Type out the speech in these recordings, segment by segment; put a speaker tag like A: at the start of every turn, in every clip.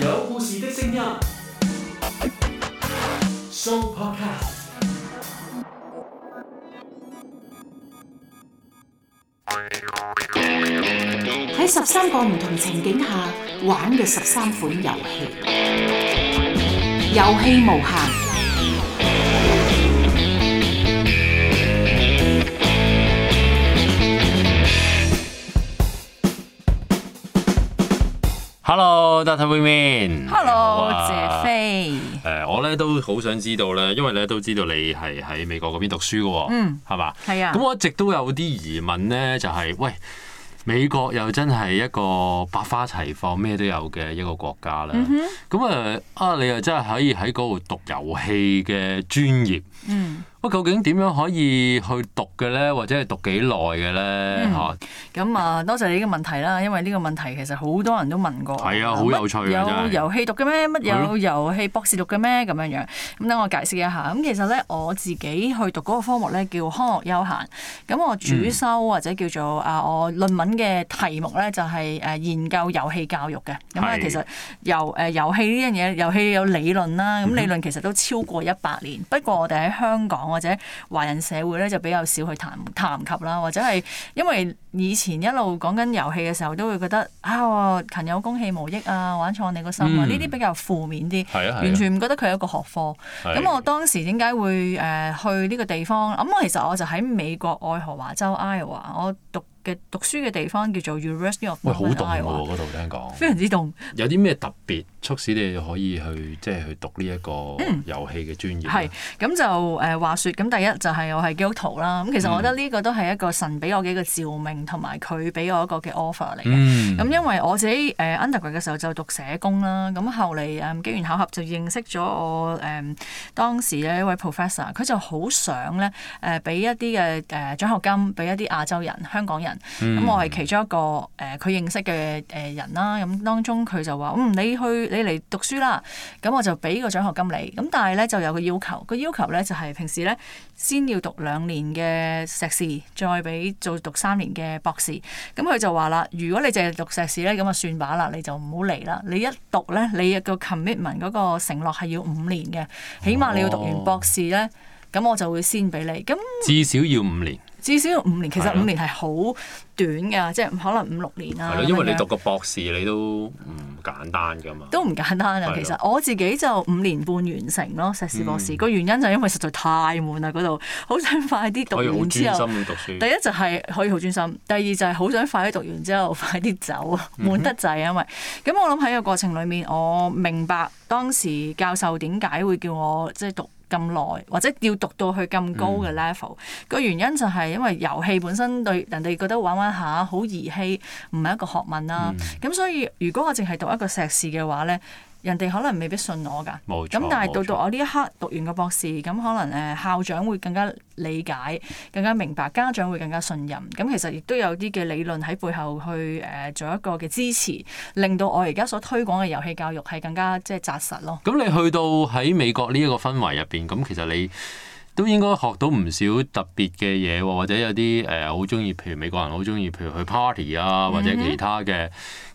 A: 有故事的
B: 聲音，Sound Podcast。喺十三個唔同情景下玩嘅十三款遊戲，有戲無限。
A: Hello，Doctor Vivian。Hello，謝飛。誒，我咧都好想知道咧，因為咧都知道你係喺美國嗰邊讀書嘅喎、哦。嗯。係嘛吧？係啊。咁我一直都有啲疑問咧，就係、是、喂，美國又真係一個百花齊放、咩都有嘅一個國家啦。咁誒、嗯哼呃、啊，你又真係可以喺嗰度讀遊戲嘅專業。嗯。不究竟點樣可以去讀嘅呢，或者係讀幾耐嘅呢？嚇！
B: 咁啊，多謝你呢個問題啦，因為呢個問題其實好多人都問過。係啊，好有趣啊！真係有遊戲讀嘅咩？乜有遊戲博士讀嘅咩？咁樣樣咁等我解釋一下。咁其實呢，我自己去讀嗰個科目呢，叫康樂休閒。咁我主修或者叫做啊，我論文嘅題目呢就係誒研究遊戲教育嘅。咁啊，其實遊誒遊戲呢樣嘢，遊戲有理論啦。咁理論其實都超過一百年。不過我哋喺香港。或者華人社會咧就比較少去談談及啦，或者係因為以前一路講緊遊戲嘅時候，都會覺得啊，勤有功戲無益啊，玩錯你個心啊，呢啲、嗯、比較負面啲，啊啊、完全唔覺得佢係一個學科。咁、啊、我當時點解會誒、呃、去呢個地方？咁、嗯、我其實我就喺美國愛荷華州 Iowa，我讀。嘅讀書嘅地方叫做 University of Miami 喂，好凍喎嗰
A: 度，聽講非常之凍。有啲咩特別促使你哋可以去即係、就是、去讀呢一個遊戲嘅專業？
B: 係咁、嗯、就誒話説，咁第一就係、是、我係基督徒啦。咁其實我覺得呢個都係一個神俾我嘅一個召命，同埋佢俾我一個嘅 offer 嚟嘅。咁、嗯、因為我自己誒 undergrad 嘅時候就讀社工啦，咁後嚟誒機緣巧合就認識咗我誒、嗯、當時嘅一位 professor，佢就好想咧誒俾一啲嘅誒獎學金俾一啲亞洲人、香港人。咁我係其中一個誒，佢、呃、認識嘅誒人啦。咁、嗯、當中佢就話：嗯，你去你嚟讀書啦。咁我就俾個獎學金你。咁但係咧就有個要求，個要求咧就係、是、平時咧先要讀兩年嘅碩士，再俾做讀三年嘅博士。咁佢就話啦：如果你淨係讀碩士咧，咁啊算把啦，你就唔好嚟啦。你一讀咧，你個 commitment 嗰個承諾係要五年嘅，起碼你要讀完博士咧，咁、哦、我就會先俾你。咁
A: 至少要五年。
B: 至少五年，其實五年係好短㗎，的即係可能五六年啦、啊。係咯，因為你讀
A: 個博士，你都唔簡單㗎嘛。都唔簡單㗎，的其實
B: 我自己就五年半完成咯，碩士博士。個、嗯、原因就係因為實在太悶啦，嗰度好想快啲讀完之後。第一就係可以好專心，第二就係好想快啲讀完之後快啲走， 悶得滯，因為咁，嗯、哼我諗喺個過程裡面，我明白當時教授點解會叫我即係、就是、讀。咁耐或者要讀到去咁高嘅 level，個、嗯、原因就係因為遊戲本身對人哋覺得玩玩下好兒戲，唔係一個學問啦。咁、嗯、所以如果我淨係讀一個碩士嘅話呢。人哋可能未必信我㗎，咁
A: 冇錯，但係到到
B: 我呢一刻讀完個博士，咁可能誒校長會更加理解、更加明白，家長會更加信任。咁其實亦都有啲嘅理論喺背後去誒做一個嘅支持，令到我而家所推廣嘅遊戲教育係更加即係紮實咯。
A: 咁你去到喺美國呢一個氛圍入邊，咁其實你，都應該學到唔少特別嘅嘢喎，或者有啲誒好鍾意，譬如美國人好鍾意，譬如去 party 啊，或者其他嘅嘅、嗯、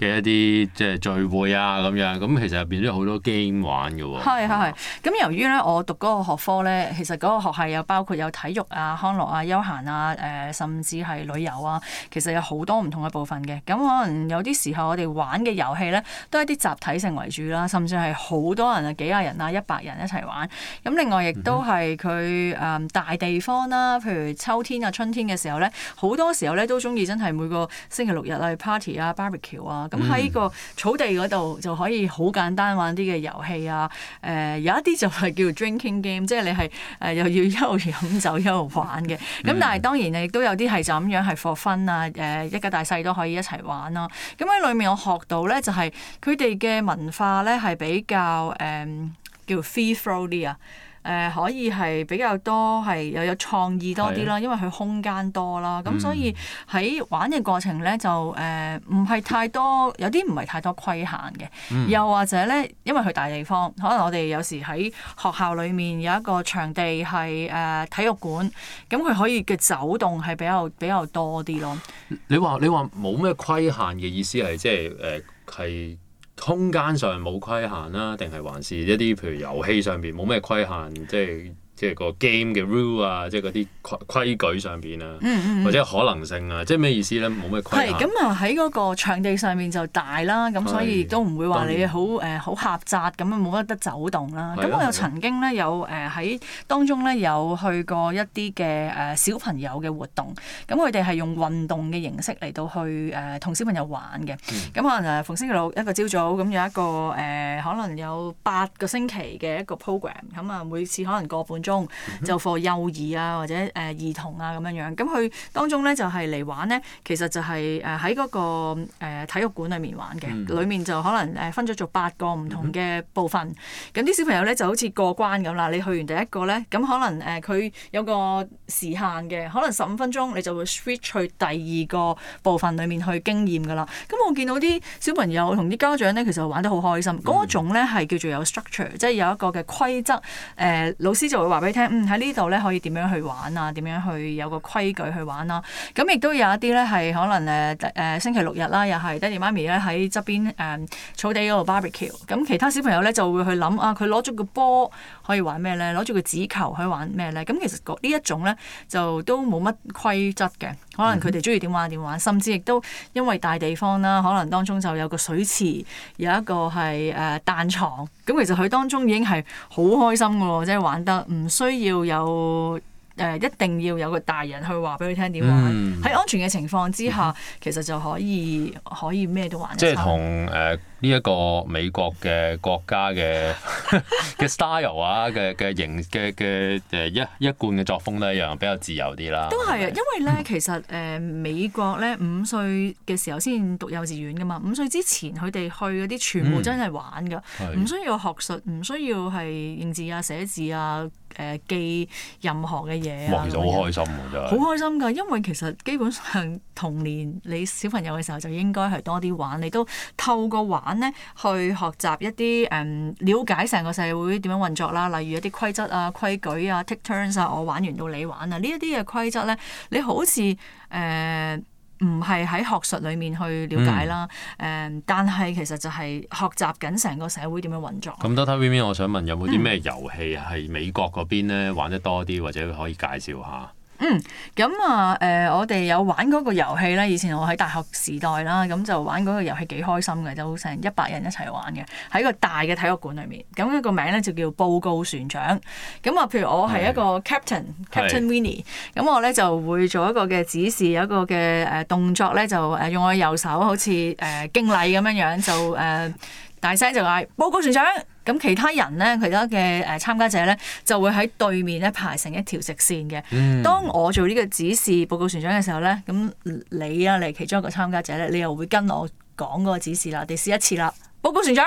A: 哼一啲即係聚會啊咁樣。咁其實入邊都有好多 game 玩嘅
B: 喎、哦。係係係。咁吧由於咧，我讀嗰個學科咧，其實嗰個學系有包括有體育啊、康樂啊、休閒啊、誒、呃、甚至係旅遊啊，其實有好多唔同嘅部分嘅。咁可能有啲時候我哋玩嘅遊戲咧，都係啲集體性為主啦，甚至係好多人啊、幾廿人啊、一百人一齊玩。咁另外亦都係佢。誒、嗯，大地方啦、啊，譬如秋天啊、春天嘅時候咧，好多時候咧都中意真係每個星期六日啊去 party 啊、barbecue 啊，咁喺個草地嗰度就可以好簡單玩啲嘅遊戲啊。誒、呃，有一啲就係叫 drinking game，即係你係誒、呃、又要一路飲酒一路玩嘅。咁 但係當然亦都有啲係就咁樣係 for fun 啊。誒、呃，一家大細都可以一齊玩咯、啊。咁喺裏面我學到咧就係佢哋嘅文化咧係比較誒、嗯、叫 free flow 啲啊。誒、呃、可以係比較多係又有創意多啲啦，是啊、因為佢空間多啦，咁、嗯、所以喺玩嘅過程咧就誒唔係太多，有啲唔係太多規限嘅，嗯、又或者咧，因為去大地方，可能我哋有時喺學校裏面有一個場地係誒、呃、體育館，咁佢可以嘅走動係比較比較多啲咯你。
A: 你話你話冇咩規限嘅意思係即係誒係？就是呃空間上冇規限啦，定係還是一啲譬如遊戲上邊冇咩規限，即係。即係個 game 嘅 rule 啊，即係啲規規矩上邊啊，嗯嗯，或者可能性啊，即係咩意思咧？冇咩規範。係咁
B: 啊，喺個場地上面就大啦，咁所以亦都唔會話你好誒好狹窄咁啊，冇乜得,得走動啦。咁的我又曾經咧有誒喺、呃、當中咧有去過一啲嘅誒小朋友嘅活動，咁佢哋係用運動嘅形式嚟到去誒同、呃、小朋友玩嘅。咁、嗯、可能誒逢星期六一個朝早咁有一個誒、呃、可能有八個星期嘅一個 program，咁啊每次可能個半鐘。Mm hmm. 就 for 幼兒啊或者誒、呃、兒童啊咁樣樣，咁佢當中咧就係、是、嚟玩咧，其實就係誒喺嗰個誒、呃、體育館裏面玩嘅，裏、mm hmm. 面就可能誒分咗做八個唔同嘅部分，咁啲、mm hmm. 小朋友咧就好似過關咁啦，你去完第一個咧，咁可能誒佢、呃、有個時限嘅，可能十五分鐘你就會 switch 去第二個部分裏面去經驗噶啦，咁我見到啲小朋友同啲家長咧其實玩得好開心，嗰種咧係叫做有 structure，即係有一個嘅規則，誒、呃、老師就會話。俾你聽，嗯喺呢度咧可以點樣去玩啊？點樣去有個規矩去玩啊？咁亦都有一啲咧係可能誒誒、呃、星期六日啦，又係爹哋媽咪咧喺側邊誒、嗯、草地嗰度 barbecue。咁其他小朋友咧就會去諗啊，佢攞咗個波可以玩咩咧？攞住個紙球可以玩咩咧？咁其實呢一種咧就都冇乜規則嘅。可能佢哋中意點玩點玩，甚至亦都因為大地方啦，可能當中就有個水池，有一個係誒、呃、彈牀。咁其實佢當中已經係好開心嘅喎，即係玩得唔需要有誒、呃、一定要有個大人去話俾佢聽點玩，喺、嗯、安全嘅情況之下，嗯、其實就可以可以咩都玩，玩。即係同
A: 誒。呃呢一個美國嘅國家嘅嘅 style 啊，嘅嘅型嘅嘅誒一一貫嘅作風都一樣比較自由啲啦。都
B: 係是啊，是是因為咧，其實誒、呃、美國咧五歲嘅時候先讀幼稚園噶嘛，五歲之前佢哋去嗰啲全部真係玩噶，唔、嗯、需要學術，唔需要係認字啊、寫字啊、誒、呃、記任何嘅嘢啊。其實好開
A: 心㗎、啊，好開
B: 心㗎，因為其實基本上童年你小朋友嘅時候就應該係多啲玩，你都透過玩。去學習一啲誒，瞭、嗯、解成個社會點樣運作啦，例如一啲規則啊、規矩啊、take turns 啊，我玩完到你玩啊，呢一啲嘅規則咧，你好似誒唔係喺學術裡面去了解啦，誒、嗯，但係其實就係學習緊成個社會點樣運作。咁
A: 多 o t a 我想問有冇啲咩遊戲係美國嗰邊咧玩得多啲，或者可以介紹下？
B: 嗯，咁啊，誒、呃，我哋有玩嗰個遊戲啦，以前我喺大學時代啦，咁就玩嗰個遊戲幾開心嘅，都成一百人一齊玩嘅，喺一個大嘅體育館裏面。咁、那、咧個名咧就叫報告船長。咁啊，譬如我係一個 Captain，Captain Winnie。咁我咧就會做一個嘅指示，有一個嘅誒動作咧，就誒用我右手好似誒敬禮咁樣樣，就誒。呃大聲就嗌報告船長。咁其他人咧，其他嘅誒參加者咧，就會喺對面咧排成一條直線嘅。嗯、當我做呢個指示報告船長嘅時候咧，咁你啊，你其中一個參加者咧，你又會跟我講嗰個指示啦。你試一次啦，報告船長。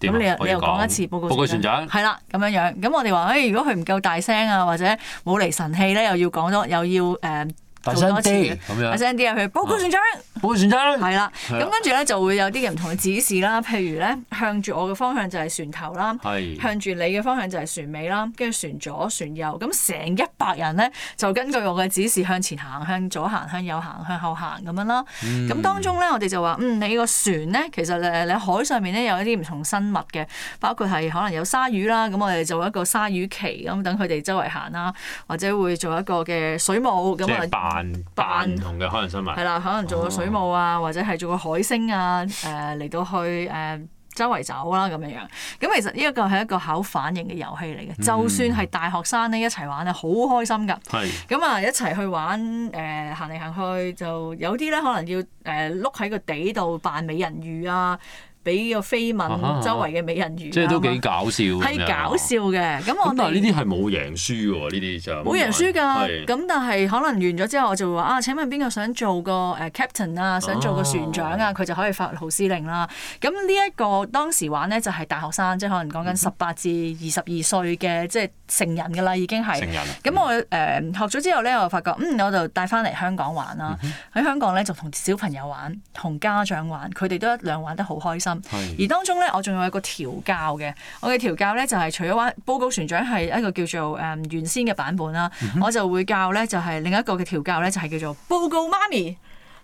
A: 點、啊、你又你又講一次報告船長。係
B: 啦，咁樣樣。咁我哋話誒，如果佢唔夠大聲啊，或者冇嚟神器咧，又要講咗，又要多次。咁樣，大聲啲啊！佢報告船長。部船長係啦，咁 跟住咧就會有啲嘅唔同嘅指示啦，譬如咧向住我嘅方向就係船頭啦，是的 向住你嘅方向就係船尾啦，跟住船左船右，咁成一百人咧就根據我嘅指示向前行、向左行、向右行、向後行咁樣啦。咁當中咧我哋就話：嗯，你個船咧其實誒你喺海上面咧有一啲唔同生物嘅，包括係可能有鯊魚啦，咁、嗯、我哋做一個鯊魚旗咁等佢哋周圍行啦，或者會做一個嘅水母咁啊，嗯、扮
A: 扮唔扮同嘅海洋生物係啦、
B: 嗯，可能做個水。哦水母啊，或者係做個海星啊，誒、呃、嚟到去誒、呃、周圍走啦咁樣樣。咁其實呢一個係一個考反應嘅遊戲嚟嘅。嗯、就算係大學生咧一齊玩啊，好開心㗎。係是。咁啊、嗯，一齊去玩誒、呃、行嚟行去，就有啲咧可能要誒碌喺個地度扮美人魚啊。俾個飛吻周圍嘅美人魚，即係都幾
A: 搞笑。係搞
B: 笑嘅，咁我但係呢
A: 啲係冇贏輸喎，呢啲就冇贏輸㗎。咁
B: 的但係可能完咗之後，我就會話啊，請問邊個想做個誒、uh, captain 啊，想做個船長啊，佢、啊、就可以發號施令啦。咁呢一個當時玩咧，就係、是、大學生，即係可能講緊十八至二十二歲嘅，即係、嗯。就是成人噶啦，已經係。咁、啊、我誒、呃、學咗之後咧，我就發覺嗯，我就帶翻嚟香港玩啦。喺、嗯、哼香港咧，就同小朋友玩，同家長玩，佢哋都一樣玩得好開心。的而當中咧，我仲有一個調教嘅，我嘅調教咧就係除咗玩報告船長係一個叫做誒、嗯、原先嘅版本啦，嗯、哼我就會教咧就係另一個嘅調教咧就係叫做報告媽咪。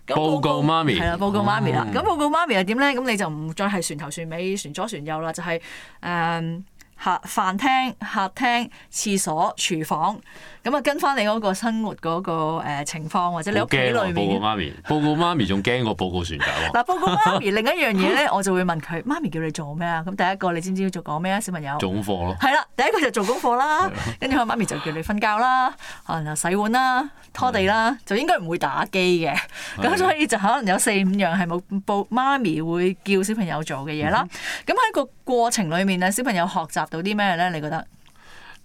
B: 報告，報告媽咪。係啦，報告媽咪啦。咁、哦、報告媽咪係點咧？咁你就唔再係船頭船尾船左船右啦，就係、是、誒。嗯客飯廳、客廳、廁所、廚房，咁啊跟翻你嗰個生活嗰個誒情況，或者你屋企裏面。報告媽
A: 咪，報告媽咪仲驚過報告船長。
B: 嗱， 報告媽咪另一樣嘢咧，我就會問佢：媽咪叫你做咩啊？咁第一個你知唔知要做講咩啊？小朋友。做功課咯。係 啦，第一個就做功課啦，跟住我媽咪就叫你瞓覺啦，可能又洗碗啦、拖地啦，就應該唔會打機嘅。咁 所以就可能有四五樣係冇報媽咪會叫小朋友做嘅嘢啦。咁喺 個過程裏面咧，小朋友學習。學到啲咩咧？你覺得？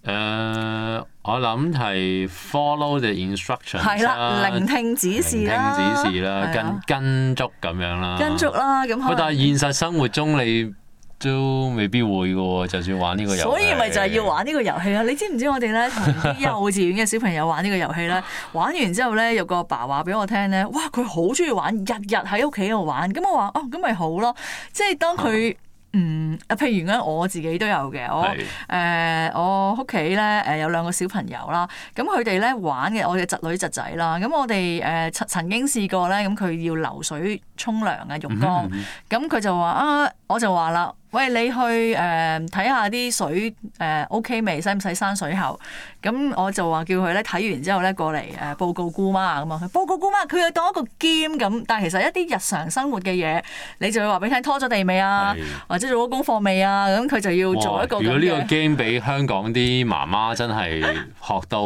A: 誒、uh，我諗係 follow the instruction，係啦，聆聽
B: 指示聽指示啦，跟、
A: 啊、跟足咁樣啦，跟
B: 足啦、啊。咁、嗯、但係現
A: 實生活中你都未必會噶喎，就算玩呢個遊戲，所以咪就係要
B: 玩呢個遊戲啊！你知唔知我哋咧同啲幼稚園嘅小朋友玩個遊戲呢個遊戲咧？ 玩完之後咧，有個阿爸話俾我聽咧，哇！佢好中意玩，日日喺屋企度玩。咁我話哦，咁、啊、咪好咯，即係當佢。 嗯，啊，譬如咁，我自己都有嘅。我誒的、呃、我屋企咧誒有兩個小朋友啦，咁佢哋咧玩嘅我嘅侄女侄仔啦。咁我哋誒曾曾經試過咧，咁佢要流水沖涼啊、浴缸，咁佢、嗯嗯、就話啊、呃，我就話啦。喂，你去誒睇下啲水誒、呃、OK 未，使唔使生水喉？咁我就話叫佢咧睇完之後咧過嚟誒報告姑媽咁啊！報告姑媽，佢、嗯、又當一個 game 咁，但係其實一啲日常生活嘅嘢，你就會話俾佢聽拖咗地未啊，是或者做咗功課未啊？咁佢就要做一個。如果呢個
A: game 俾香港啲媽媽真係學到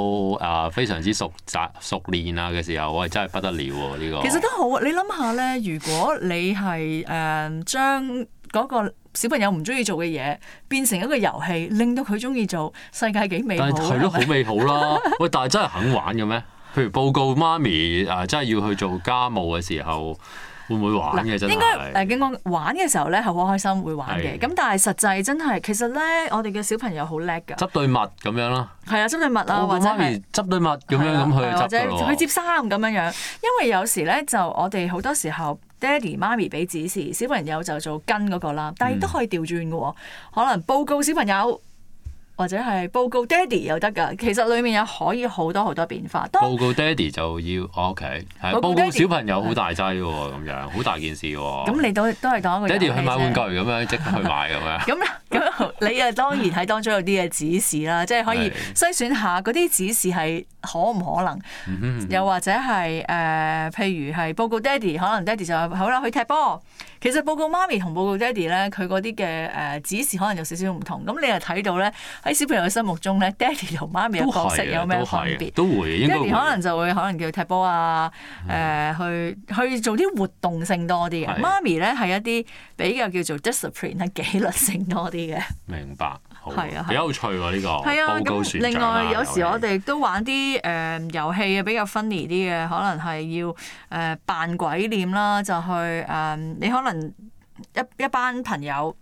A: 啊、 呃、非常之熟習熟練啊嘅時候，喂，真係不得了喎、啊！呢、呢個其實都
B: 好，你諗下咧，如果你係誒、呃、將。嗰個小朋友唔中意做嘅嘢，變成一個遊戲，令到佢中意做，世界幾美好。係咯是，好美好啦！喂，
A: 但係真係肯玩嘅咩？譬如報告媽咪啊、呃，真係要去做家務嘅時候，會唔會玩嘅？真係應
B: 該誒，應、呃、玩嘅時候咧，係好開心，會玩嘅。咁是但係實際真係，其實咧，我哋嘅小朋友好叻㗎。執
A: 對物咁樣咯，
B: 係啊，執對物啊了，或者係
A: 執對物咁樣咁去執對，去接
B: 衫咁樣樣。因為有時咧，就我哋好多時候。爹哋媽咪俾指示，小朋友就做跟嗰個啦，但係都可以調轉嘅，嗯、可能報告小朋友或者係報告爹哋又得噶。其實裏面有可以好多好多變化。報
A: 告爹哋就要，OK，係報、報告小朋友好大劑嘅、啊，咁樣好大件事嘅、啊。咁、嗯、
B: 你到都係講，爹哋去買玩具
A: 咁樣即刻去買咁樣。
B: 咁咁 你啊，當然喺當中有啲嘅指示啦，即、就、係、是、可以篩選下嗰啲指示係。可唔可能？嗯哼嗯哼。又或者係誒、呃，譬如係報告爹哋，可能爹哋就好啦，去踢波。其實報告媽咪同報告爹哋呢，佢嗰啲嘅誒指示可能有少少唔同。咁你又睇到呢，喺小朋友嘅心目中呢，爹哋同媽咪嘅角色有咩分別？都都
A: 都會會爹哋可能就
B: 會可能叫踢波啊，誒、呃、去去做啲活動性多啲嘅。嗯、媽咪呢，係一啲比較叫做 discipline 啊紀律性多啲嘅。
A: 明白。係啊，有趣喎呢、這個，係啊，咁、啊、另外有時我哋
B: 都玩啲誒、呃、遊戲嘅比較 funny 啲嘅，可能係要誒扮、呃、鬼臉啦，就去誒、呃、你可能一一班朋友。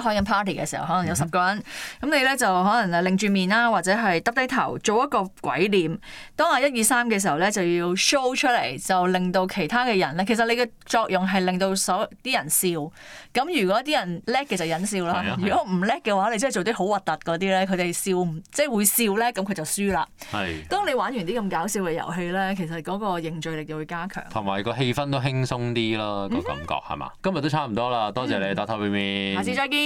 B: 開緊 party 嘅時候，可能有十個人，咁、嗯、你咧就可能啊，擰住面啦，或者係耷低頭做一個鬼臉。當話一二三嘅時候咧，就要 show 出嚟，就令到其他嘅人咧，其實你嘅作用係令到所啲人笑。咁如果啲人叻嘅就忍笑啦，嗯嗯、如果唔叻嘅話，你真係做啲好核突嗰啲咧，佢哋笑即係會笑咧，咁佢就輸啦。係、哎。當你玩完啲咁搞笑嘅遊戲咧，其實嗰個凝聚力就會加強，
A: 同埋個氣氛都輕鬆啲咯，嗯、哼個感覺係嘛？今日都差唔多啦，多謝你打頭面，下次再
B: 見。